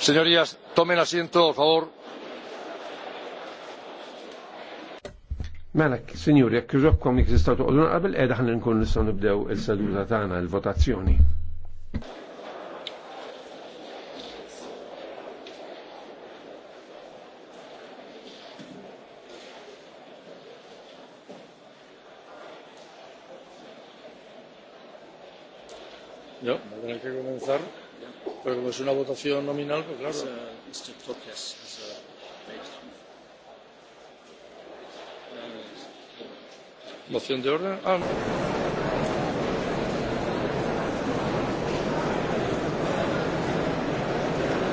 Señorías, tomen asiento, por favor. Melek, signori, jekk irrokkom jekk tistgħu toqgħodu qabel qiegħda ħan nkun nistgħu nibdew il-seduta tagħna l-votazzjoni. Ja, no, hay que comenzar. Pero como es una votación nominal, pues claro. Mr. Tokes has a... Moción de orden. Ah, no.